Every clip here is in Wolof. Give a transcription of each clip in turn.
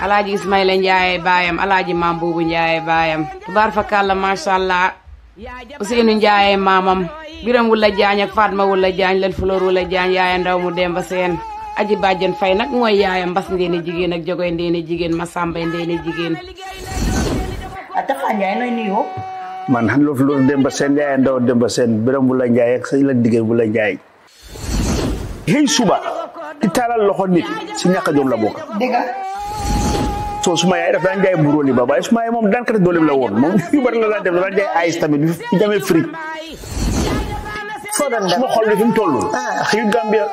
alaaji Ismaïla Ndiaye baayam alaaji maam boobu Ndiaye baayam tubaar fakàlla macha allah Ousseynou Ndiaye maamam Biram Wula Jaañ ak Fatma Wula Jaañ lan Fuloor Wula Jaañ yaaya ndaw mu Demba Seen aji bàjjen fay nag mooy yaaya mbas ndeene jigéen ak jogoy ndeene jigéen masambay ndeene jigéen a Tafa Ndiaye nooy nuyoo man xan loo Fuloor Demba Seen ndaw Demba Seen Biram Wula Ndiaye ak sëñ la diggéen Wula Ndiaye xëy suba di taalal loxo nit si ñàkk jom la bokk so suma yaay dafa ngay mburo mburu li ba suma yaay mom daan kat dooleem la won mom yu bar la def dafa ngay ice tamit bi jamee frig suma xol li ah. fi mu toll xiyu gambia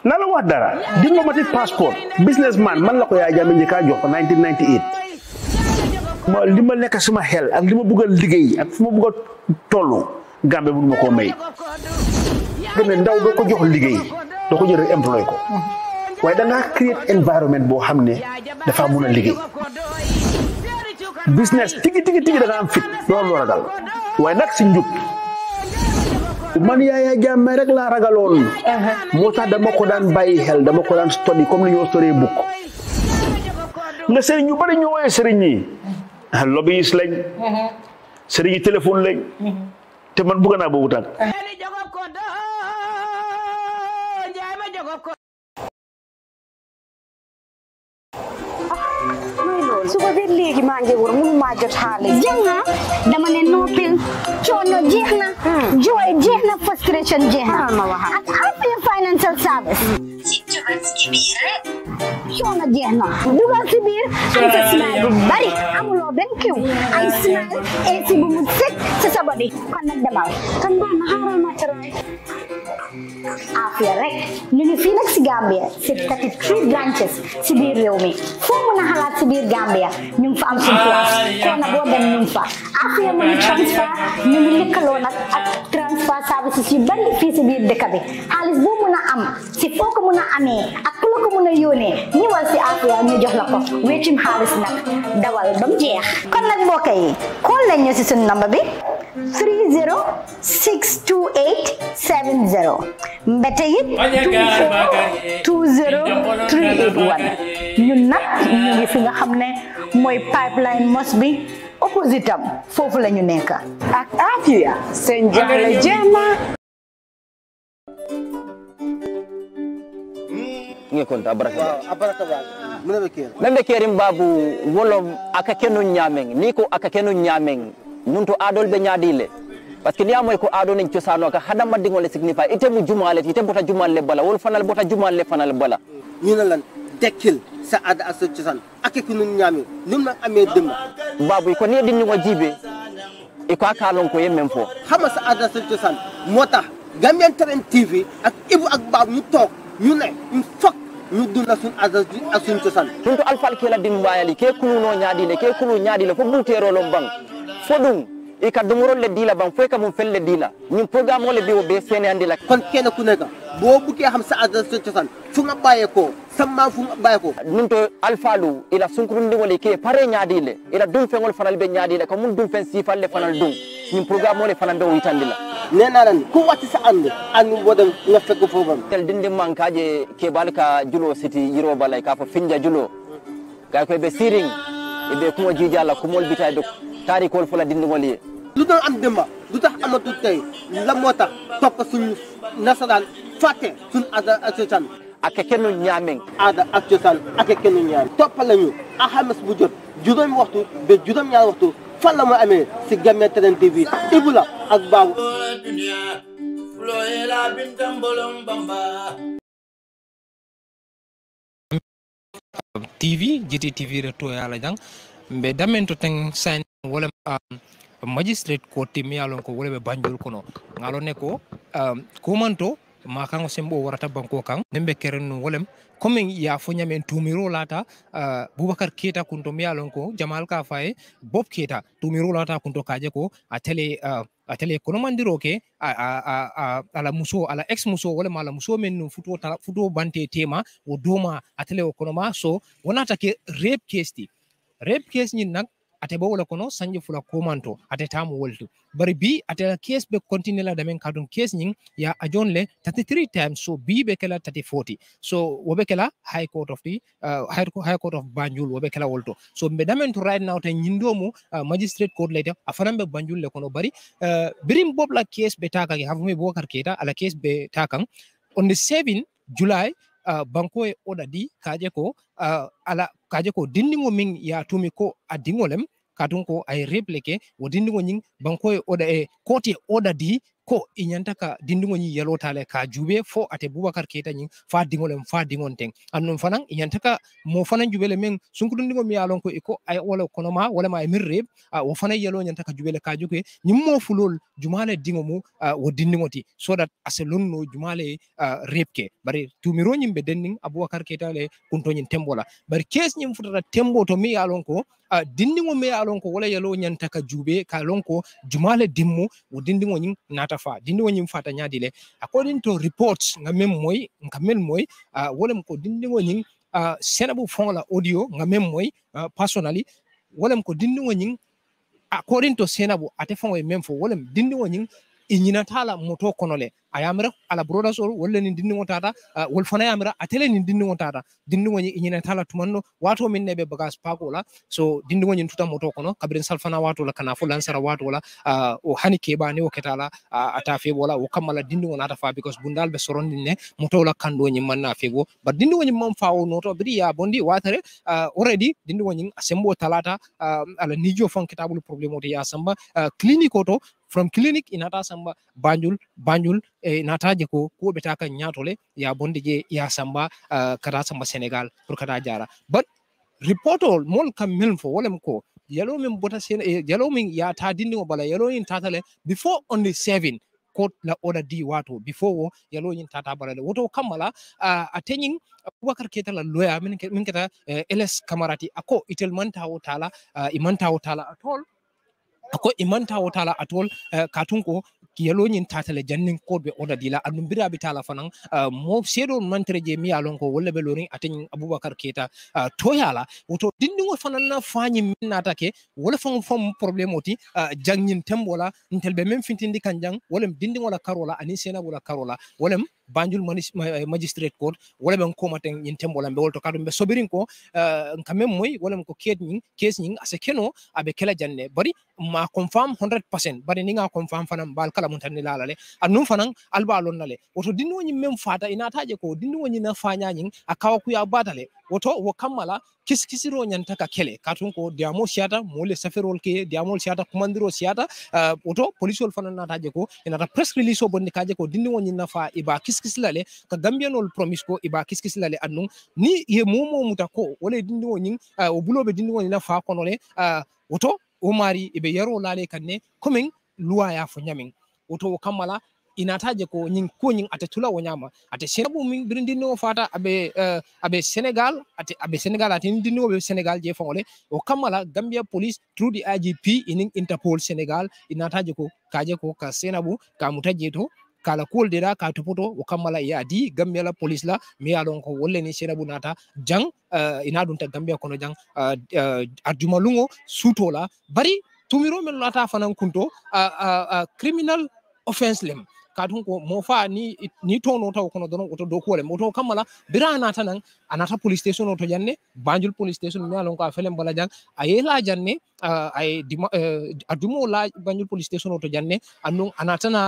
naa la wax dara diplomatic passport businessman man la ko yaa ni ka jox 1998 ma lima nek suma sama xel ak lima ma bëgg liggéey ak suma ma tollu gambe bu ma koo may deme ndaw do ko jox liggéey do ko jël employé ko waaye da create environment boo xam ne dafa mun a liggéey business tigi tigi tigi da nga am fit loolu la ragal waaye nag si njub man yaaya jàmme rek laa ragaloon moo tax dama ko daan bàyyi xel dama ko daan study comme ni ñoo story book nga sëriñ ñu bari ñoo wooyee sëriñ yi lobbyist lañ sëriñ yi téléphone lañ te man bëgg naa boobu tànk mangi ngi mu mënu maa jot dama ne noppil coono jeex joy jooy frustration na ma jeex na ak Afrique Financial Service coono jeex na dugal si biir smile bu bari amuloo benn kiw ay smile eesi bu mu sëkk sa body kon nag kan baa na xaaral ma tëraay Afia rek ñu ngi fii Gambia si 33 branches si biir réew Gambia ñu ngi fa am suñu place koo na Afia mu ngi transfert ñu ngi lëkkaloo nag ak transfert boo mën a am si foo ko ak ku la ko mën a Afia ñu jox la ko weccum xaalis dawal ba mu jeex kon nag mbokk yi xool leen ñu si suñu mbete yi 20381 ñun nag ñu ngi fi nga xam ne mooy pipeline mos bi opposite am foofu la ñu nekk ak Afia seen jaale jéema ngekonta abaraka abaraka membe kerim babu wolom aka kenu nyameng niko aka kenu nyameng adol be nyadile parce ce que niya moy ko aɗonen cosano ka hada maddigole signifa itemu jumale ite bota jumalle bala wol fanal bota jumalle fanal bala ñina dekkil sa aada ak ake ko nun ñaami num na amee dëmm babu ko ni dinni ngo jibe e ko akalon ko yemmen fo xama sa aada sa cosan moo tax Gambian Talents TV ak Ibou ak Babou ñu toog ñu ne ñu fokk ñu dunda sun aada tuntu alfal kela din mbayali ke kuluno ñaadile ke kulu fo buuteerolon bang i ka le domorole la ban foy ka mun felle la ñin programme le biwo be sene andi la kon kene ku nega bo buke xam sa adresse to fu nga baye ko samma fu nga baye ko nun to alfa lu ila sunkurun ndi woni ke pare nyaadile ila dum fengol fanal be nyaadile ko mun dum fen sifal le fanal dum ñin programme le fanal be o yitandila nena lan ko wati sa ande anu wodam nga fekk fofam tel dindi mankaje ke ka julo siti yiro balay ka fo finja julo gay ko be siring e be kuma jijala kumol bitay e do taarikool fu la dindingol yi lu doon am démba lu tax amatu tey la moo tax topp suñ nasaraan fàtte suñu aada ak cosaan ake kennu ñaameng aada ak cosaan ake kennu ñaameng toppa lañu alxames bu jot juróomi waxtu ba juróom ñaari waxtu fan la mooy amee si Gambian Talents TV Ibou la ak Babou TV GTTV reto yaala jang mbe damen to teng wolem um, magistrate ko timmi alon ko woleme banjol kono ngalo ne ko um, kumanto ma kanko sembo warata banko kan nembe keren no wolem commin ya fo nyamen tumiro lata uh, boubacar keta kunto mi alon ko jamal ka faye bob keta tumiro lata kunto kaje ko a tele uh, a kono mandiro ke a, a, a, a, ala muso ala ex muso wala ala muso men no futo tala, futo bante tema wo doma a tele o kono ma so wonata ke rape case ti rape case ni nak ate bo wala kono sanji fula komanto ate tamu woltu bari bi ate la case be continue la damen kadon case nying ya ajon le 33 times so bi be kala 30 so wobe kala high court of the uh, high, high court of banjul wobe kala wolto so be damen to right now te nyindo mu uh, magistrate court le afanan banjul le kono bari uh, birim bob la case be taka havumi bokar keta ala case be takan on the 7 july uh, banko e oda di kaje ko uh, ala kaje ko dindingo min ya tumi ko adingolem kadunko ay répliqué wo dindigo ñing banko oda e eh, koti oda di ko inyantaka dindingo nyi yalo tale ka jube fo ate bubakar keta nyi fa dingol en fa dingon teng annon fanan inyantaka mo fanan jubele men sunkudindingo mi yalon ko iko ay wala kono ma wala ma emirre a uh, fanan yalo nyantaka jubele ka juke nyi mo fulol jumale dingo mu wo dindingo ti so dat ase lonno jumale repke bari tumiro nyi be denning abubakar keta le kunto nyi tembola bari kes nyi futata tembo to mi yalon ko uh, dindingo mi yalon ko wala yalo nyantaka jube ka lonko jumale dimmu wo dindingo nyi nata Mustafa dindi wo ñiŋ fata ñaadile according to reports nga meŋ moy nga meŋ moy uh, wolem ko dindiŋo ñiŋ uh, senabu foŋo la audio nga meŋ moy uh, personally wolem ko dindiŋo ñiŋ according to senabu ate foŋo ye meŋ fo wolem dindiŋo ñiŋ inyina tala moto konole ayamira ala broda soro wolle ni dinni ngotata uh, wol yamira atele ni dinni ngotata dinni ngoni inyina tumanno wato min nebe bagas pakola so dinni ngoni tuta moto kono kabrin salfana wato la kana fulan wato la uh, o hani keba ni o uh, ata febo o kamala dinni ngona fa because bundal be soron dinne moto la kando nyi manna febo ba dinni ngoni mam fawo noto bri ya bondi watare uh, already dinni ngoni asembo talata uh, ala nijo fon kitabul problemo ya samba uh, clinico to from clinique inata samba banjul banjul e eh, nata je ko koɓeta kan ñatole ya bonde je ya samba uh, eh, kata samba sénégal pour kata jara but report ol mol kam min fo wolem ko yalo min bota sen e eh, yalo min ya ta dindi bala yalo min tatale before only seven court la order di watu before wo yalo yin tata bala woto kammala uh, ah, a teñin keta la lawyer min keta uh, ls kamarati ako itel manta wo tala uh, imanta wo tala at all ako imanta wotala atol uh, katunko kiyaloñin tatale jannin kodɓe oda dila aɗum biraɓe tala fanan uh, eh, mo seeɗo mantere je mi yalon ko walla be lori ateñin abubakar keta uh, eh, toyala woto dindigol fanan na fañi min natake wala fan fam probléme oti uh, jangñin tembola ntel ɓe men fintindi kan jang walem dindigola karola anin senabola karola walem banjul eh, magistrate court wala ɓen komaten ñin tembolan ɓe wolto kaɗum ɓe sobirin ko kamen moy wala ko keñin kes ñin ase keno aɓe kela jande bari ma confirm 100 bari ni ga confirm fanan bal kala mum tanni lalale annum fanan alba lonnale woto dinnoñin men fata inataje ko dinnoñin na fañañin a kawa kuya batale woto wo kammala kisikisiro ñanta ka kele katun ko diamo siyata mole safirol ke diamol siyata kumandiro siyata uh, eh, woto policiol fanan nataje ko inata press release o bonni kaje ko dinniwo ñin nafa iba kis kiskisilale ka gambiyanol promise ko iba kiskisilale annun ni ye momo muta ko wala dindiwo nyin o bulobe dindiwo nyin na fa kono le woto o mari ibe yaro lale kanne coming luwa ya fo nyamin woto o inataje ko nyin ko nyin ate wonyama ate senabu min birindino fata abe uh, abe Senegal ate abe Senegal ate ndino be Senegal je fongole o kamala Gambia police through the IGP in Interpol Senegal inataje ko kaje ko ka senabu ka mutaje to kala koldera ka topoto o kammala ya di gammela police la mi ya lon ko wolle ni senabu nata jang uh, ina ɗum ta gambia kono jang uh, eh, uh, eh, arjuma lungo sutola bari tumiro men lata fanan kunto uh, uh, uh, criminal offense lem kadun ko mofa ni ni tono taw kono donon oto do kole moto kamala bira nata nan anata police station oto janne banjul police station mi alon ko a felen bala jang ay la janne ay e, adumo la banjul police station oto janne annon anata na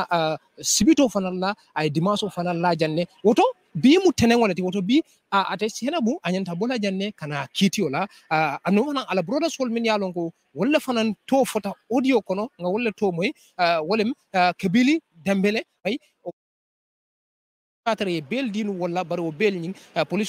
sibito fanalla ay dimaso fanalla janne oto bi mu tenen wala ti woto bi a ate sena mu anyanta bola janne kana kiti ola a anu wana ala broda sol min yalon ko wala fanan to fota audio kono nga wala to moy wala kebili धम्बेले भाई atare e bel dinu wala bare o bel ñing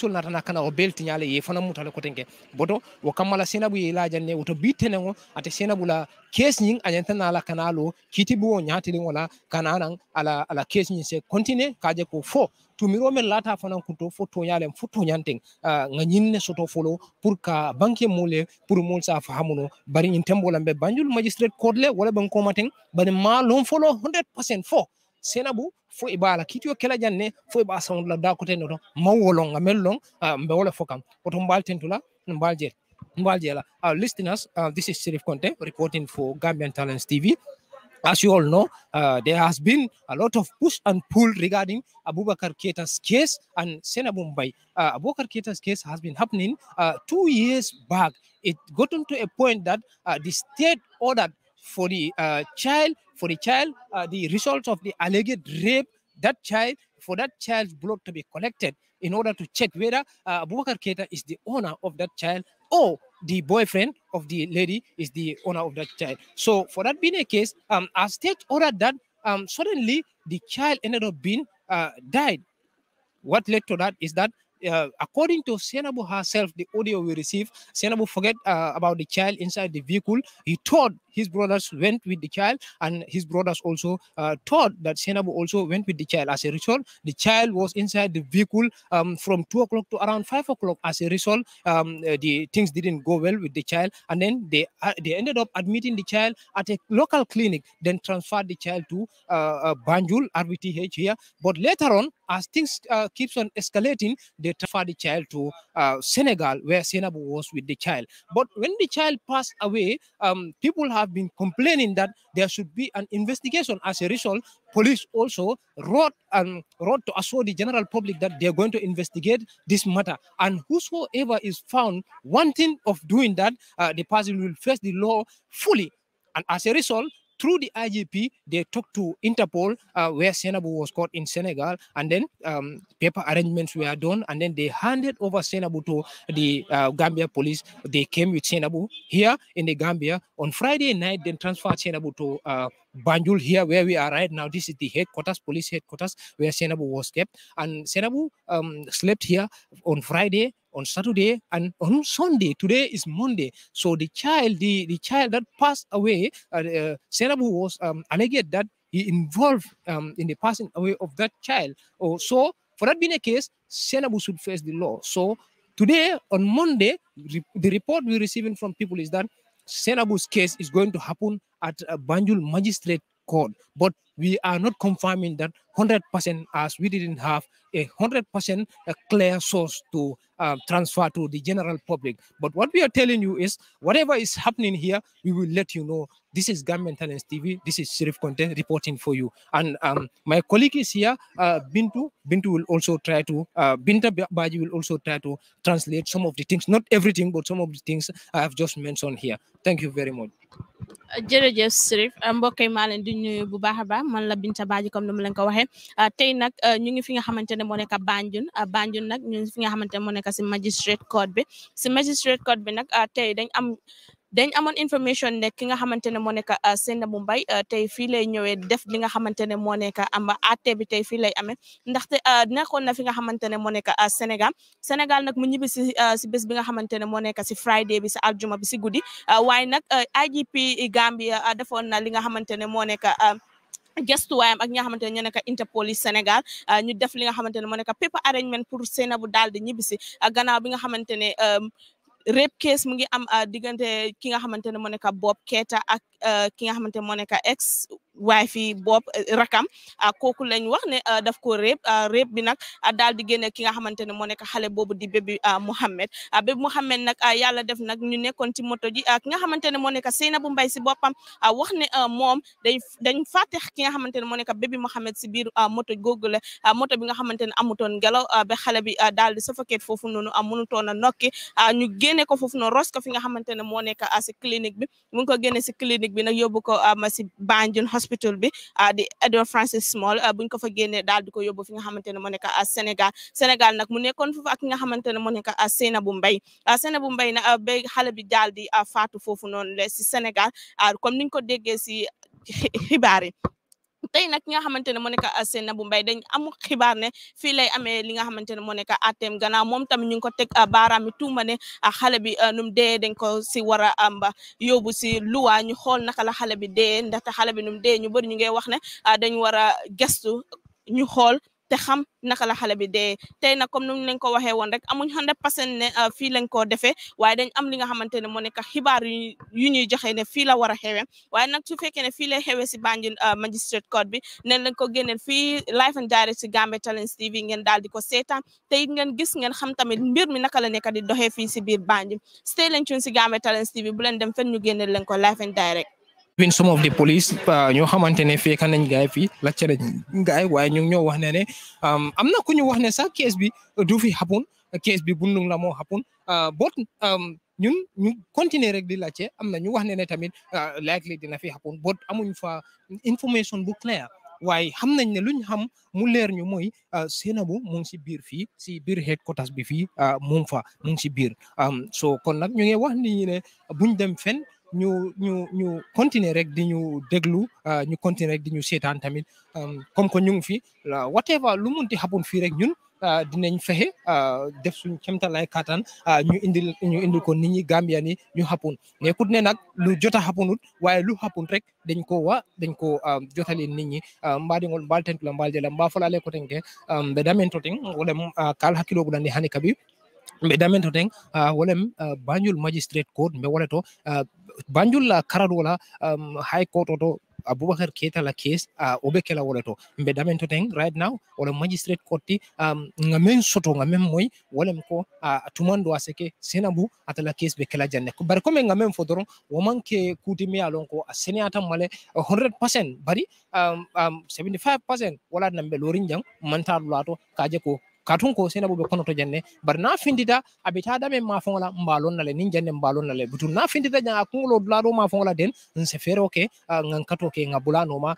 wala eh, natana kana o bel tiñale ye fana mutale ko tenke boto wo kamala senabu ye la janne lajanne woto ngo ate senabu la kes ñing añantana la kana lo kiti bu kitibi o ñatilin wala kana nan ala ala case ñing se continue kaje ko fo tumiro men lata fanan kunto fo to toñalen fo to toñanten eh, nga ñinne soto folo pour ka banque mole pour mol sa fahamuno bari in tembolambe banjul magistrate court le wala ban ko maten bari ma lon folo 100% fo senabu fo e bala kitiyo kela janne fo e ba sawla da ko ten to mawolon ngamel lon ah, mbe wala fokam oto mbal tentula mbal jet mbal our listeners uh, this is Sheriff Conte reporting for Gambian Talents TV as you all know, uh, there has been a lot of push and pull regarding Abubakar Keita's case and Senabu Mbai. Uh, Abubakar Keita's case has been happening uh, two years back. It gotten to a point that the state ordered for the child for the child, uh, the results of the alleged rape, that child, for that child's blood to be collected in order to check whether uh, Abubakar Keita is the owner of that child or the boyfriend of the lady is the owner of that child. So for that being a case, um, as state ordered that um, suddenly the child ended up being uh, died. What led to that is that uh, according to Senabu herself, the audio we received, Senabu forget uh, about the child inside the vehicle. He thought his brothers went with the child, and his brothers also uh, thought that Senabu also went with the child. As a result, the child was inside the vehicle um, from 2 o'clock to around 5 o'clock. As a result, um, uh, the things didn't go well with the child, and then they, uh, they ended up admitting the child at a local clinic, then transferred the child to uh, uh Banjul, RBTH here. But later on, as things uh, keeps on escalating, they transfer the child to uh, Senegal, where Senabu was with the child. But when the child passed away, um, people have have been complaining that there should be an investigation. As a result, police also wrote and um, wrote to assure the general public that they're going to investigate this matter. And whosoever is found wanting of doing that, uh, the person will face the law fully. And as a result, through the IGP, they talked to Interpol, uh, where Senabu was caught in Senegal, and then um, paper arrangements were done, and then they handed over Senabu to the uh, Gambia police. They came with Senabu here in the Gambia on Friday night, then transferred Senabu to uh, Banjul here, where we are right now. This is the headquarters, police headquarters, where Senabu was kept, and Senabu um, slept here on Friday on Saturday and on Sunday. Today is Monday. So the child, the, the child that passed away, uh, uh, was um, alleged that he involved um, in the passing away of that child. Oh, so for that being a case, Senabu should face the law. So today, on Monday, re the report we're receiving from people is that Senabu's case is going to happen at a uh, Banjul Magistrate Court. But we are not confirming that 100% as we didn't have a 100% clear source to uh, transfer to the general public. But what we are telling you is whatever is happening here, we will let you know. This is Government Maintenance TV. This is Sheriff Content reporting for you. And um, my colleague is here, uh, Bintu. Bintu will also try to, uh, Binta Baji will also try to translate some of the things, not everything, but some of the things I have just mentioned here. Thank you very much. Uh, Jerejef Sheriff, uh, mbokay ma len di man la Binta Badji comme ni ma leen ko waxee ah, tey nag ah, ñu ngi fi nga xamante ne moo nekk Banjul ah, Banjul nag ñu ngi fi nga xamante ne moo nekk si magistrate court bi si magistrate court bi nag tey dañ am dañ amoon information ne ki nga xamante ne moo nekk Senda Mumbai tey fii lay ñëwee def li nga xamante ne moo nekk am àtte bi tey fii lay amee ndaxte nekkoon na fi nga xamante ne moo nekk Sénégal Sénégal nag mu ñibbi si si bi nga xamante ne moo nekk si Friday bi si aljuma bi si guddi waaye nag IGP Gambia defoon na li nga xamante ne moo nekk gestuwaayam ak ñi nga xamante ne ñoo nekk Interpolice Sénégal euh, ñu def li nga xamante ne moo nekk paper arrangement pour Sainabou daal di ñibbisi euh, gannaaw bi nga xamante ne euh, rape case mu ngi am diggante ki nga xamante ne moo nekk Bob Keita ak ki nga xamante ne moo nekk ex waaye fi bopp eh, rakam ah, kooku lañ wax ne ah, daf ko réeb ah, réeb bi nag daal di génne ki nga xamante ne moo nekk xale boobu di bébi Mouhamed bébi Mouhamed nag yàlla def nag ñu nekkoon ci moto ji ki nga xamante ne moo nekk Seynabou Mbye si boppam wax ne moom dañ dañ fàtte ki nga xamante ne moo nekk bébi Mouhamed si biir moto googu la moto bi nga xamante ne amutoon ngelaw ba xale bi daal di suffoqué foofu noonu mënutoon a nokki ñu génne ko foofu noonu ros fi nga xamante ne moo nekk si clinique bi mu ko génne si clinique bi nag yóbbu ko ma si Banjul hospital bi ah, di Edward Francis Small ah, buñ ko fa génnee daal di ko yóbbu fi nga xamante ne moo nekk ah, Sénégal Sénégal nag mu nekkoon foofu ak ki nga xamante ne moo nekk Sainabou Mbye Sainabou Mbye na ba xale bi daal di a faatu foofu noonu le si Sénégal comme niñ ko déggee si xibaar yi tey nag ki nga xamante ne moo na bu mbay dañ amu xibar ne fii lay amee li nga xamante ne moo nekk àtteem gannaaw moom tamit ñu ngi ko teg ah, baaraami tuuma ne ah, xale bi ah, nu mu dee dañ ko si war a amba yobu si luwa ñu xool naka la xale bi dee ndaxte xale bi nu mu dee ñu bëri ñu ngi wax ne dañ war a gestu ñu xool te xam naka la xale bi dee tey nag comme nuñ leen ko waxee woon rek amuñ hundred percent ne ah, fii lañ koo defee waaye dañ am li nga xamante ne moo nekk xibaar yu ñuy joxe ne fii la war a xewe waaye nag su fekkee ne fii lay xewe si Banjul ah, magistrate court bi neen lañ ko génneel fii live and direct si Gambia Talents TV ngeen daal di ko te tey ngeen gis ngeen xam tamit mbir mi naka la nekk di doxee fii si biir Banjul stay leen ci si Gambia Talents TV bu leen dem fen ñu génneel leen ko live and direct even some of the police ah, ñoo xamante ne fekk nañ gaay fii lacce nañ gaay waaye ñu ngi wax ne ne am na ku ñu wax ne sax kees bi du fi happen kees bi bundung la moo happen ah, bot ñun ñu continuer rek di lacce am na ñu wax ne ne tamit ah, likely dina fi happen bot amuñ fa information bu clair waaye xam nañ ne luñ xam mu leer ñu mooy Sainabou mu ngi si biir fii si biir headquarters bi fii a ngi fa si biir so kon nag ñu buñ dem fen ñu ñu ñu continuer rek di ñu déglu euh, ñu continuer rek di ñu seetaan tamit euh, comme que ñu ngi fi euh, whatever lu munti happen fii rek ñun dinañ fexe def suñ kemtalaay kattan ñu indil ñu indil ko nit ñi Gambia ni ñu happen nekkut ne nag lu jota happenut waaye lu happen rek dañ ko wa dañ ko jotali nit ñi mbaɗigol mbaltentula mbalde la mbafalale ko ten ke ɓe damen to ten wolem kal hakkilo guɗanɗi hani kabi ɓe ɗamen to ten wolem banjul magistrate court ɓe wole to banjul karat wala euh, high court oto aboubacar keita la case kela wole to ɓe to ten right now wala magistrate court ti euh, ga soto ga moy wolem ko tuman a seke senabou atala case ɓe kela jande bari comme ga men fo doron womanke kutimi lon ko a seneyatan male 100 percent bari 75 euh, percent wala nan lorin jang mantaɗo lato kaje ko katun ko sena bobe kono to janne bar na findita abe ta dame ma fongola mbalon nale nin janne mbalon nale butu na findita janga kungulo dulado ma fongola den nse fere oke ah, ngan kato ke ngabula noma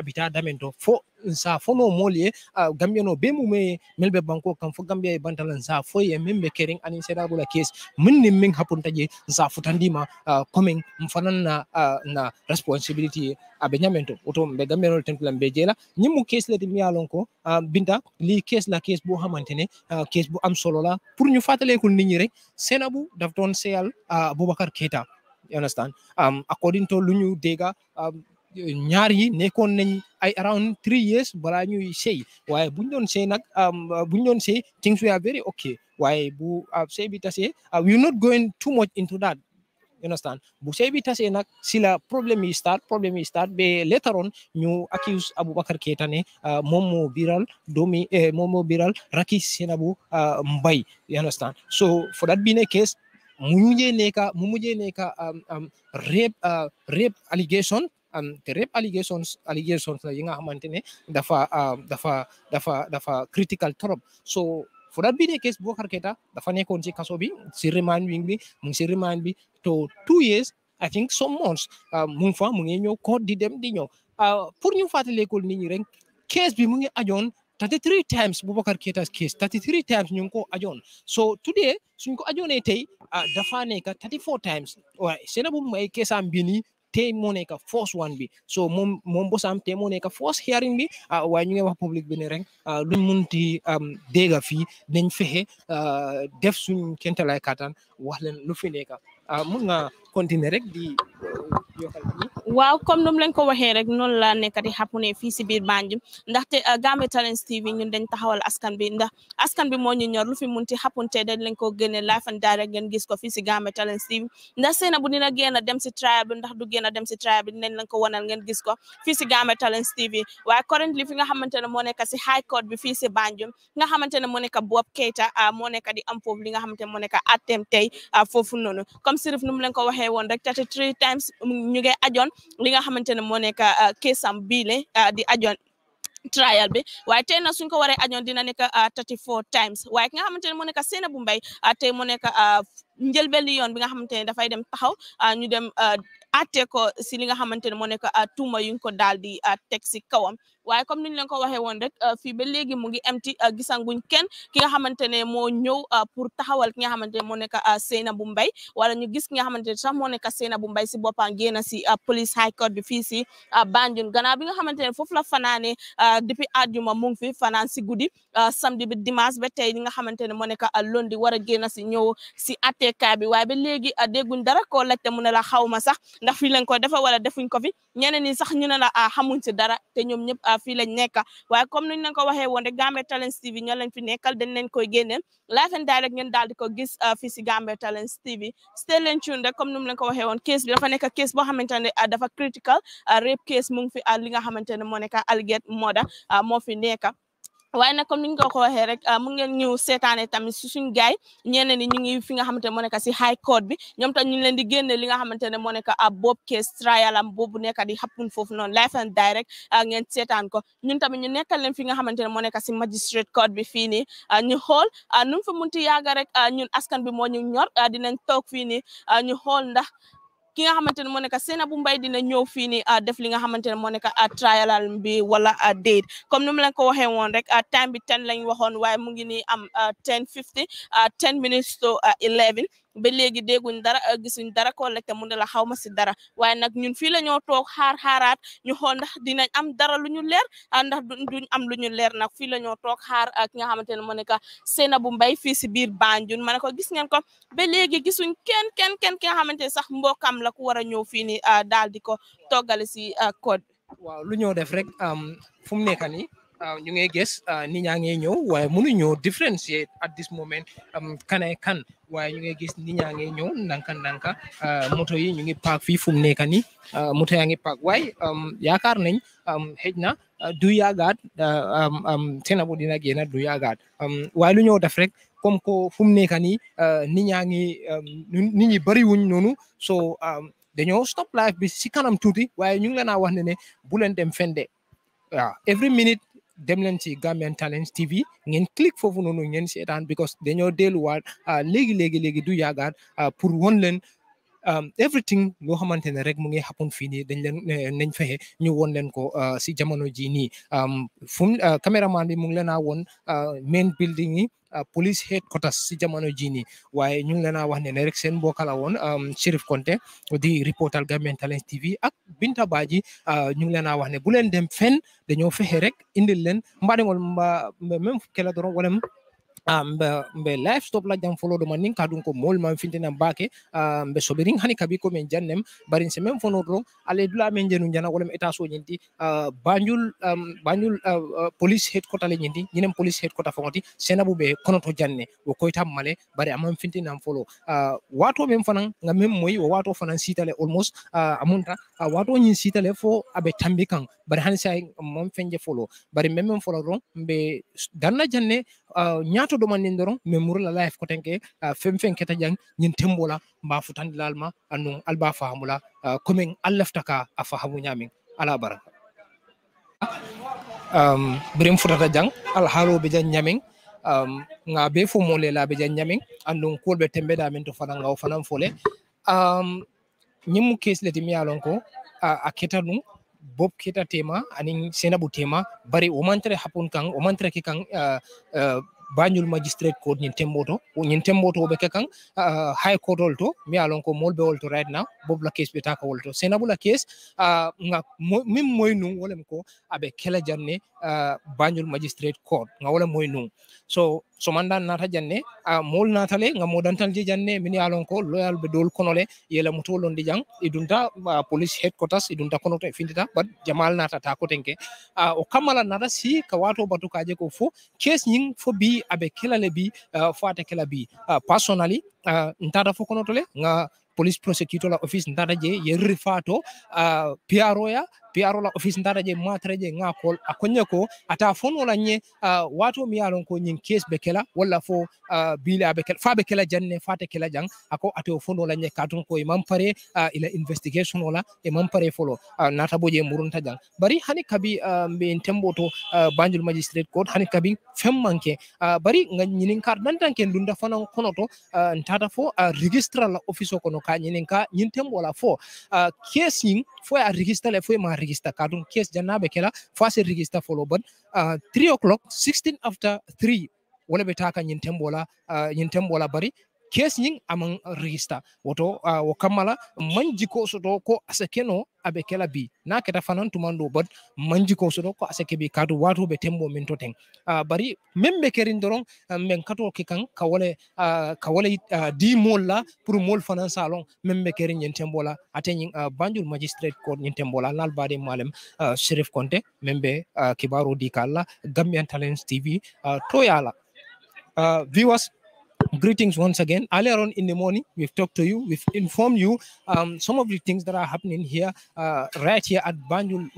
abita dame to fo nsa fono mol ye uh, gambia no be mu me melbe banko kan fo gambia e bantala nsa fo ye membe kering ani seda bula case min ni min hapun taje nsa futandima uh, coming mfanan na uh, na responsibility abe nyamento oto be gambia no tentula be jela nyimu case le mi alon ko uh, binta li case la case bo hamantene uh, case bo am solo la pour ñu fatale ko nit ñi rek senabu daf don seyal uh, abubakar keta you understand um according to luñu dega um, ñaar yi nekkoon nañ ay around three years balaa ñuy sëy waaye buñ doon sëy nag um, uh, buñ doon sëy things were very okay waaye bu uh, sëy bi tasee uh, we not going too much into that you understand bu sëy bi tasee nag si la problème yi start problème yi start ba later on ñu accuse Aboubacar Keita ne moom moo biral doomi eh, moom moo biral Raki Senabu Mbye you understand so for that being a case mu mujjee nekka mu um, um, te rape allegations allegations la yi nga xamante ne dafa ah, dafa dafa dafa critical trop so for that being the case Boubacar Keita dafa nekkoon si kaso bi si remand wing bi mu ngi ci remand bi to two years I think some months ah, mu ngi fa mu ngi ñëw court di dem di ñëw ah, pour ñu fàttalikul nit ñi rek case bi mu ngi ajoon 33 times Boubacar Keita's case 33 times ñu ngi ko ajoon so today suñ ko ajoonee tey dafa nekk 34 times waaye Sainabou Mai keesam bi nii te moo nekk force one bi so moom moom bosam tey moo nekk force hearing bi ah, waaye ñu ngi wax public bi ne rek ah, am munti dégg fii nañ fexe ah, def suñ kentalaay kattan wax leen lu fi nekk continuer rek di euh, waaw comme nu mu leen ko waxee rek noonu la nekk di xapune fii si biir Banjul ndaxte euh, Gambian Talents TV ñun dañ taxawal askan bi ndax askan bi moo ñu ñor lu fi munti xapunte dañ leen ko génne live and direct ngeen gis ko fii si Gambian Talents TV ndax seena bu dina génn dem si trial bi ndax du génn dem si trial bi dinañ leen ko wanal ngeen gis ko fii si Gambian Talents TV waaye currently fi nga xamante ne moo nekk si high bi fii si Banjul nga xamante ne moo nekk Bob Keita ah, moo nekk di am foofu li nga xamante ne moo atteem tey ah, foofu noonu waxee woon rek thirty three times ñu ngi ajoon li nga xamante ne moo nekk uh, keesam bii le uh, di ajoon trial bi waaye tey nag suñ ko waree ajoon dina nekk uh, thirty four times waaye ki nga xamante ne moo nekk Sainabou Mbye tey moo nekk njëlbeen yoon bi nga xamante ne dafay dem taxaw ñu dem atte ko si li nga xamante ne moo nekk tuuma yuñ ko daal di teg si kawam waaye comme niñ leen ko waxee woon rek euh, fii ba léegi mu ngi amti euh, gisanguñ kenn ki nga xamante ne moo ñëw euh, pour taxawal ki nga mo ne moo nekk Sainabou Mbye wala ñu gis ki nga xamante ne sax moo nekk Sainabou Mbye si boppa génn si police high court bi fii si Banjul gannaaw bi nga xamante ne foofu la fanaane depuis àjjuma mu ngi fi fanaan si guddi samedi bi dimanche ba tey li nga xamante ne moo nekk lundi war a génn si ñëw si attekaay bi waaye ba léegi dégguñ dara koo laajte mu ne la xaw ma sax ndax fii leen ko defa wala defuñ ko fi ñeneen ñi sax ñu ne la a ah, xamuñ ci dara te ñoom ñëpp a ah, fii lañ nekk waaye comme niñ leen ko waxee woon rek Gambian Talents TV ñoo leen fi nekkal dañ leen koy génneel live and direct ngeen daal di ko gis ah, fii si Gambian Talents TV stay leen tune rek comme ni mu leen ko waxee woon case bi dafa nekk case boo xamante ne dafa critical rape case mu fi li nga xamante ne moo nekk Alleged murder moo fi nekk waaye nag comme ni ñu ko ko waxee rek ah, mu ngeen ñëw seetaane tamit si suñu gaay ñeneen ni ñu ngi fi nga xamante ne moo nekk si high court bi ñoom tam ñu ngi leen di génne li nga xamante ne moo nekk ab ah, bob case trial am boobu nekk di happen foofu noonu live and direct ah, ngeen seetaan ko ñun tamit ñu nekkal leen fi nga xamante ne moo nekk si magistrate court bi fii nii ñu xool nu mu fa munti yaaga rek a ñun askan bi moo ñu ñor dinañ toog fii nii ñu xool ndax ki nga xamantene mo moo nekk bu mbay dina ñëw fii nii ah, def li nga xamantene mo moo nekk ah, trial bi wala ah, date comme ni mu ko waxe woon rek time bi ten lañ waxoon waaye mu ngi ni am ten fifty ten minutes to 11 ba léegi dégguñ dara euh, gisuñ dara collecté mu ne la xaw ma si dara waaye nag ñun fii la ñoo toog xaar xaaraat ñu xool ndax dinañ am dara lu ñu leer ah, ndax duñ am lu ñu leer nag fii la ñoo toog xaar ak nga xamante ne moo nekk Sainabou Mbye fii si biir Banjul ma ne ko gis ngeen ko ba léegi gisuñ kenn kenn kenn ki nga xamante ne sax mbokkam la ku war a ñëw fii ni ah, daal di ko toggale si ah, code waaw lu ñoo def rek fu mu nekk nii ñu ngi gis nit ñaa ngi ñëw waaye mënuñoo différencier at this moment kan um, ay kan waaye ñu ngi gis nit ñaa ngi ñëw ndanka ndanka uh, moto yi ñu ngi paak fii fu mu nekk nii uh, moto yaa ngi paak waaye um, yaakaar nañ xëj um, na uh, du yaagaat Sainabou dina génn du yaagaat waaye lu ñëw def rek comme ko fu mu nekk nii nit ñaa ngi nit ñi bariwuñ noonu so dañoo stop life bi si kanam tuuti waaye ñu ngi leen a wax ne ne bu leen dem fende waaw every minute. dem leen ci Gambian Talents TV ngeen click foofu noonu ngeen seetaan because dañoo delluwaat ah, léegi léegi léegi du yàggaat ah, pour won leen everything loo xamante ne rek mu ngi happen fii nii dañ leen eh, nañ fexe ñu woon leen ko ah, si jamono jii nii fu mu ah, caméraman bi mu ngi leen a woon ah, main building yi police headquarters si jamono jii nii waaye ñu ngi leen a wax ne ne rek seen mbokk la woon Sheriff Konte di reporter Gambian Talents TV ak Binta Badji ñu ngi leen a wax ne bu leen dem fenn dañoo fexe rek indil leen mbaa mba ngol mbaa même kela doron mbe live stop la jam folo do man nin kadun ko mol man fintena bake ah, mbe sobirin hani kabi ko men jannem barin se men fono do ale dula men jenu jana wala eta so nyinti ah, banjul um, banjul ah, police head le nyinti nyinem police head fonti senabu be kono to janne wo koyta male bari amam fintena folo wato men fanan ngam men moy wo wato fanan sitale almost amunta wato nyin sitale fo abe tambi kan bari hani sai mom fenje folo bari men men folo ron mbe danna janne nyaat to ɗumanin doron min life live ko tenke fem keta jang ñin tembola ba futan dalma anu alba fahamula coming allafta ka a fahamu ala bara um, brim futata jang be jang ñamin um, nga be fo mo lelaɓe jan ñamin andun tembe da min to fana nga fole um, ñimmu kesleti mi yalon ko a keta bob keta tema anin senabu tema bari o mantre hapun kang o mantre ki kang bañul magistrate court ñin temboto ñin temboto be kekan uh, high court olto mi alon ko molbe olto right now bob la case be taka olto senabula case uh, nga mo, moy nu wolem ko abe kela janne uh, bañol magistrate court nga wala moy nu so so somandan nata janne a mol natale ngam modantal je janne mini alon ko loyal be dol konole yela mutolon di jang idunta uh, police headquarters idunta kono to findita bad jamal nata ta ko tenke uh, o kamala nata si ka wato batu ka je ko fu case nying fo bi abe kelale bi uh, fo ate kela bi uh, personally uh, ntata fo kono tole nga police prosecutor la office ntata je yerri fato uh, piaroya PR la office ndara je matare je ngakol akonye ko ata fon wala nye uh, wato mi ko nyin kes be kela wala fo uh, bila be fa be janne fa kela jang ako ato fon wala nye katun ko imam pare uh, ila investigation wala imam pare folo uh, nata boje murunta jang bari hani kabi uh, be tembo to uh, banjul magistrate court hani kabi fem manke uh, bari nyinin kar dantan ken lunda fanan kono to uh, ntata fo uh, registrar la office kono ka nyinin ka nyin tembo la fo uh, casing foye a register le foye ma register kadum case jannaɓe kela fa se register folo bon uh, 3 o'clock 16 after 3 wala ɓe taka ñin tembola uh, ñin tembola bari kes kesning aman rista woto uh, wo kammala manji ko soto ko asekeno abe kela bi na keta fanan tumando bad manji ko soto ko aseke bi kadu watu be tembo min to ten uh, bari membe kerin doron uh, men kato ke kan kawale uh, kawale uh, di molla pour mol fanan salon membe kerin yen tembola atenyin uh, banjul magistrate ko yen tembola lal bade malem uh, sheriff konte membe uh, kibaro di kala gambian talents tv uh, toyala uh, viewers Greetings once again. Earlier on in the morning, we've talked to you, we've informed you um, some of the things that are happening here, uh, right here at Banjul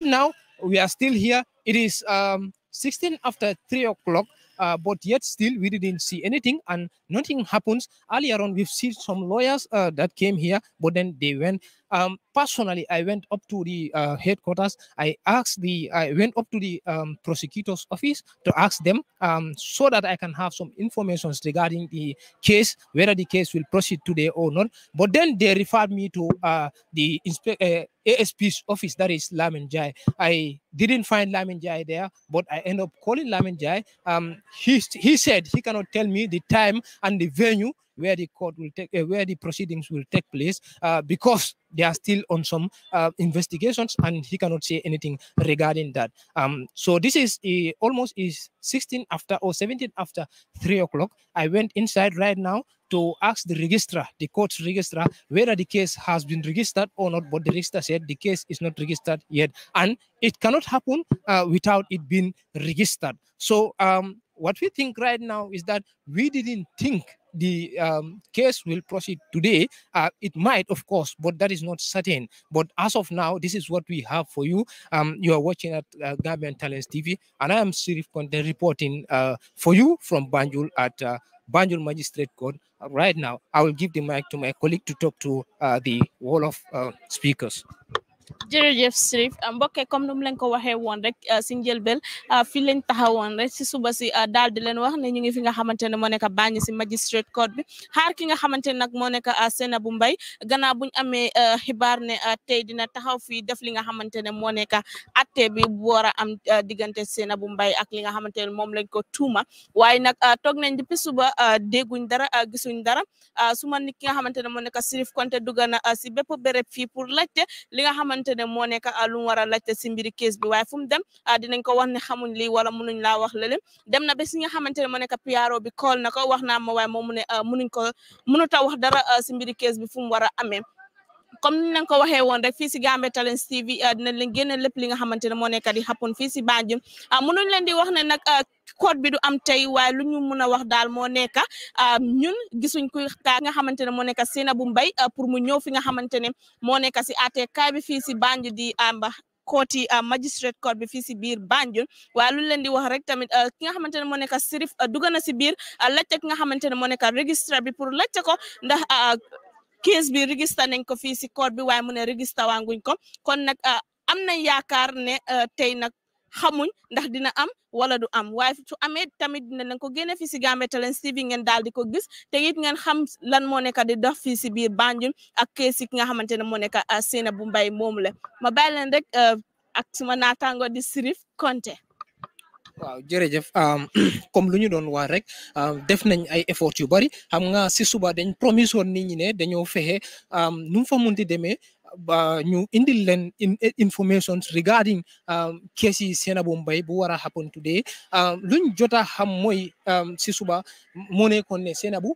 Now, we are still here. It is um, 16 after 3 o'clock. Uh, but yet still we didn't see anything and nothing happens earlier on we've seen some lawyers uh, that came here but then they went um, personally, I went up to the uh, headquarters. I asked the, I went up to the um, prosecutor's office to ask them um, so that I can have some information regarding the case, whether the case will proceed today or not. But then they referred me to uh, the Uh, ASP's office, that is Lamin Jai. I didn't find Lamin Jai there, but I end up calling Lamin Jai. Um, he, he said he cannot tell me the time and the venue where the court will take uh, where the proceedings will take place uh, because they are still on some uh, investigations and he cannot say anything regarding that um so this is uh, almost is 16 after or 17 after three o'clock i went inside right now to ask the registrar, the court's registrar, whether the case has been registered or not. But the registrar said the case is not registered yet, and it cannot happen uh, without it being registered. So um, what we think right now is that we didn't think the um, case will proceed today. Uh, it might, of course, but that is not certain. But as of now, this is what we have for you. Um, you are watching at uh, Gambian Talents TV, and I am Sirif Conte reporting uh, for you from Banjul at uh, Banjul Magistrate Court. Right now, I will give the mic to my colleague to talk to uh, the wall of uh, speakers. jërëjëf Sirif ah, mbokkee comme nu mu leen ko waxee woon rek ah, si njëlbel ah, fii lañ taxawoon rek si suba si daal di leen wax ne ñu ngi fi nga xamante ne moo nekk bàññi si magistrate court bi xaar ki nga xamante ne nag moo nekk Sainabou Mbye gannaaw buñ amee xibaar ne tey dina taxaw fii def li nga xamante ne moo nekk bi bu war a am diggante Sainabou mbay ak li nga xamante ne moom lañ ko tuuma waaye nag toog nañ depuis suba dégguñ dara gisuñ dara suma nit ki nga xamante ne moo nekk Sirif Konte dugg na si bépp béréb fii pour laajte xamante ne moo nekk ah, lu mu war a laajte si mbiri kees bi waaye fu mu dem ah, dinañ ko wax ne xamuñ lii wala munuñ laa wax lële dem na ba si nga xamante ne moo nekk bi kool na ko wax naa ma waaye moom mu ah, munuñ ko munuta wax dara si bi fu mu war a comme ni leen ko waxee woon rek fii si Gambian Talents TV euh, dina leen génne lépp li nga xamante ne moo nekk di happen fii si Banjul euh, mënuñ leen di wax ne nag euh, code bi du am tey waaye lu ñu mën a wax daal moo nekk ñun gisuñ ku nga xamante ne moo nekk Sainabou Mbye pour mu ñëw fi nga xamante ne moo nekk si àttekaay bi fii si Banjul di amba kooti magistrate court bi fii si biir Banjul waaye lu leen di wax rek tamit ki nga xamante ne moo nekk sirif dugg na si biir laajte ki nga xamante ne moo nekk registre bi pour laajte ko ndax kiis bi register nañ ko fii si court bi waaye mu ne register waanguñ ko kon nag ah, am nañ yaakaar ne ah, tey nag xamuñ ndax dina am wala du am waaye su amee tamit nañ ko génne fii si Gambian Talents TV ngeen daal di ko gis te it ngeen xam lan moo neka di dox fii si biir Banjul ak kees nga xamante ne moo nekk ah, bu mbay moomu la ma bàyyi leen rek ak suma naataango di Sirif Konte. waaw jërëjëf comme lu ñu doon wax rek def nañ ay effort yu bari xam nga si suba dañ promise woon nit ñi ne dañoo fexe nu mu fa munti demee ba ñu indil leen eh, informations regarding kees yi Sainabou Mbye bu war a happen today luñ jota xam mooy si suba moo nekkoon ne Sainabou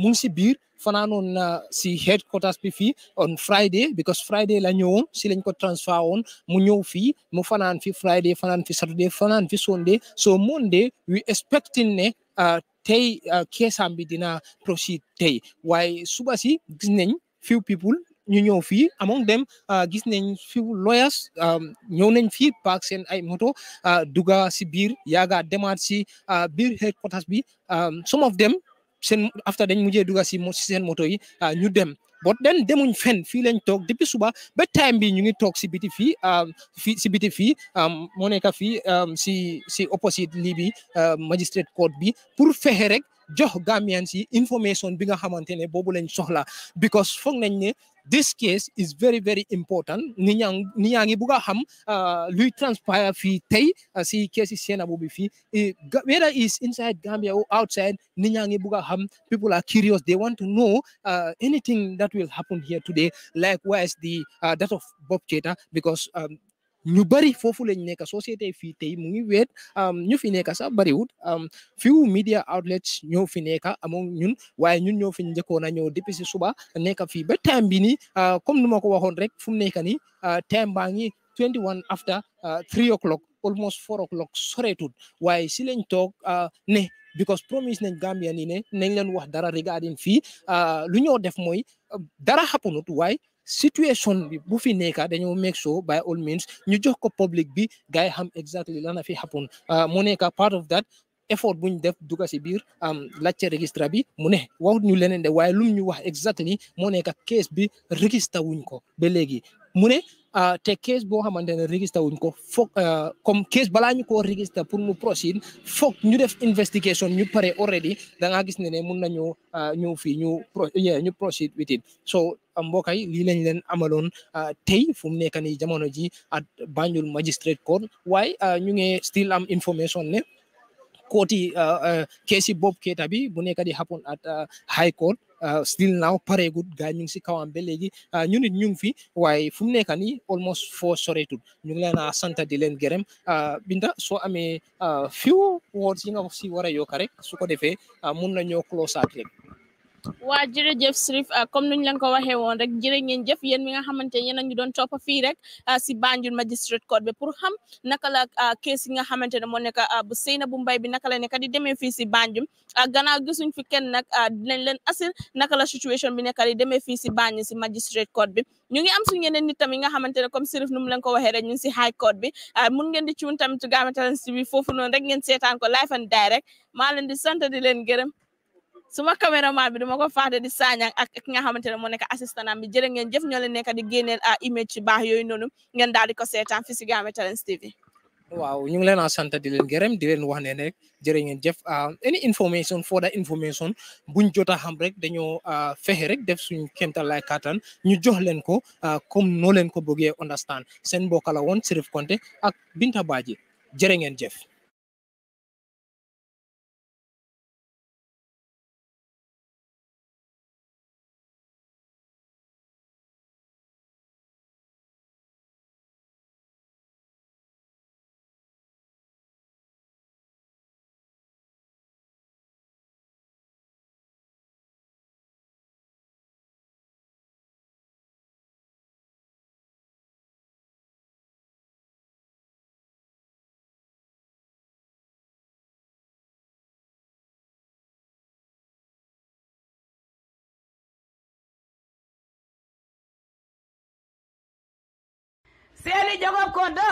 mu ngi si biir. fa on si headquarters bi on Friday because Friday la ñëwoon si lañ ko transfer on mu ñëw fii mu fanaan fi Friday fanaan fi Saturday fanaan fi Sunday so Monday we expecting ne uh, tey uh, keesam bi dina proceed Why? waaye suba si gis nañ few people ñu ñëw among them uh, gis nañ lawyers um, ñëw nañ fii paak seen ay moto duga si biir yaga demaat si biir headquarters bi um, some of them seen after dañ mujjee duga si seen moto yi ah, ñu dem bot den demuñ fen fii lañ toog depuis suba ba time bi ñu ngi toog si biti fii ah, fii si biti fii ah, moo nekk fii si si opposite lii bi magistrate court bi pour fexe rek jox Gambians yi information bi nga xamante ne lañ soxla because foog nañ ne this case is very very important ni ñaa ni ñaa ngi bugg a ah, luy transpire fii tey ah, si case yi Sainabou bi fii whether is inside Gambia or outside ni ñaa ngi xam people are curious they want to know ah, anything that will happen here today likewise the that of Bob Cheta because um, ñu bari foofu lañ nekk société fii tey mu ngi weet ñu fi nekk sax bariwut few media outlets ñoo fi nekk amoon ñun waaye ñun ñoo fi njëkkoon a ñëw depuis si suba nekk fii ba time bi nii ah, comme nu ma ko waxoon rek fu mu nekk nii ah, time baa ngi 21 after 3 ah, o'clock almost 4 o'clock soreetut waaye si lañ toog ne because promise nañ Gambia nii ne nañ leen wax dara regarding fii lu ñoo def mooy dara xapunut waaye situation bi bu fi nekka dañoo make sure by all means ñu jox ko public bi gars yi xam exactly lan la fi happen ah, mu nekka part of that effort buñ def duga si biir am laajte registre bi mu ne waxut ñu lenen de waaye lum ñu wax exactly moo nekka case bi registre wuñ ko ba léegi mu ne ah, te case boo xamante ne registre wuñ ko foog ah, comme case balaa ñu koo registre pour mu proceed foog ñu def investigation ñu pare already da ngaa gis ne ne mun nañu ñëw fii ñu pro ñu proceed with so mbokk yi lii lañ leen amaloon ah, tey fu mu nekk nii jamono ji at Banjul Magistrate Court waaye ah, ñu ngi still am information ne kooti ah, keesi Bob Keita bi bu nekk di happen at High Court still now pareegut gaa ñu ngi si kawam ba léegi ñu nit ñu ngi fi waaye fu mu nekk nii almost foo soreetul ñu ngi leen a sant di leen gërëm Binta soo amee few words yi nga si war a yokk rek su ko defee mun nañoo close out rek waa jërëjëf Sirif ah, comme nuñ leen ko waxee woon rek jërë ngeen jëf yéen mi nga xamante yéen a ñu doon topp fii rek ah, si Banjul Magistrate Court bi pour xam naka la ah, yi nga xamante ne moo nekk bu Sainabou Mbye bi naka la nekk di demee fii si Banjul gannaaw gisuñ fi kenn nag dinañ leen asir naka la situation bi nekk di demee fii si Banjul si Magistrate Court bi ñu ngi am suñu yeneen nit tam yi nga ne comme Sirif nu mu leen ko waxee rek ñu ngi si High Court bi mun ngeen di ciun tamit Gambian Talents TV bi rek ngeen seetaan ko live and direct maa leen di sant di leen gërëm suma caméraman bi duma ko fàtte di saañang ak ki nga xamante ne moo nekk assistant bi jërë ngeen jëf ñoo leen nekk di génneel a ah, image ci baax yooyu noonu ngeen daal di ko seetaan fi si Gambian Talents TV waaw ñu ngi leen a sant di leen gërëm di leen wax ne rek jërë ngeen jëf ah, any information further information buñ jot a xam rek dañoo ah, fexe rek def suñu kéemtal lay kattan ñu jox leen ko comme noo leen ko bëggee understand seen mbokk la woon Sirif Konte ak Binta Badji jërë ngeen jëf seeni jogob koddu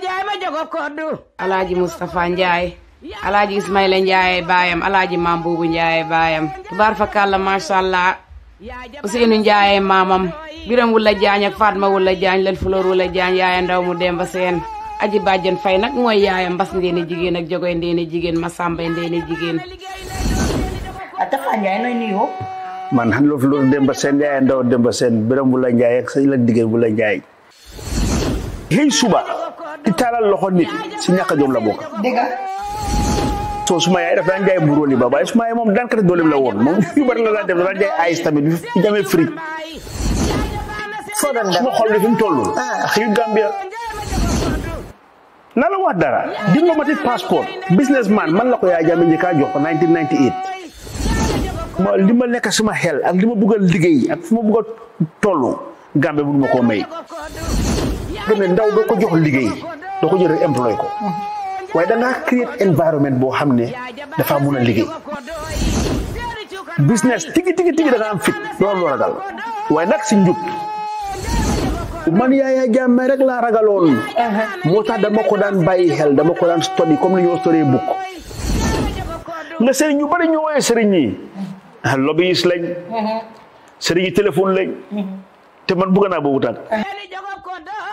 njaay ma jogob koddu alaaji Moustapha Njaay alaaji Ismaila Njaay baayam alaaji maam boobu Njaay baayam tubaar fakalla masha allah Ousseynou Njaay maamam biram wula jaañ ak Fatma wula jaañ lan fuloor wula jaañ yaaya ndaw mu demba seen aji bàjjen fay nag mooy yaayam mbas ndeene jigéen ak jogoy ndeene jigéen ma sàmbay ndeene jigéen a tafa man han lo lu demba sen jaay ndaw demba sen beram bu la jaay ak sey la digel bu la jaay hey suba di talal loxo nit ci ñaka jom la bokk dega so suma yaay dafa jaay buroli roli baba suma yaay mom daan kat dolem la won mom yu bar la la dem daan jaay ice tamit fi jame free fo daan xol lu fim tollu ah. xey gambia nala la wax dara diplomatic passport businessman man la ko yaay jame ñi ka jox 1998 ma lima nek nekk sama xel ak lima ma bëgg liggéey ak fuma ma tollu gambe mënu mako may dene ndaw do ko jox liggéey do ko jël employé ko way da nga create environment bo xam da dafa mëna liggéey business tigi tigi tigi da nga am fit do lo ragal way nak si njub man yaaya jàmme rek laa ragaloon moo tax dama ko dan bàyyi hel dama ko dan study comme ni yo story book nga sëriñ ñu bari ñoo woyee sëriñ lobbyiste lañ. Mm-hmm. sëriñ yi téléphone lañ. Mm-hmm. te man bëgg naa boobu taat.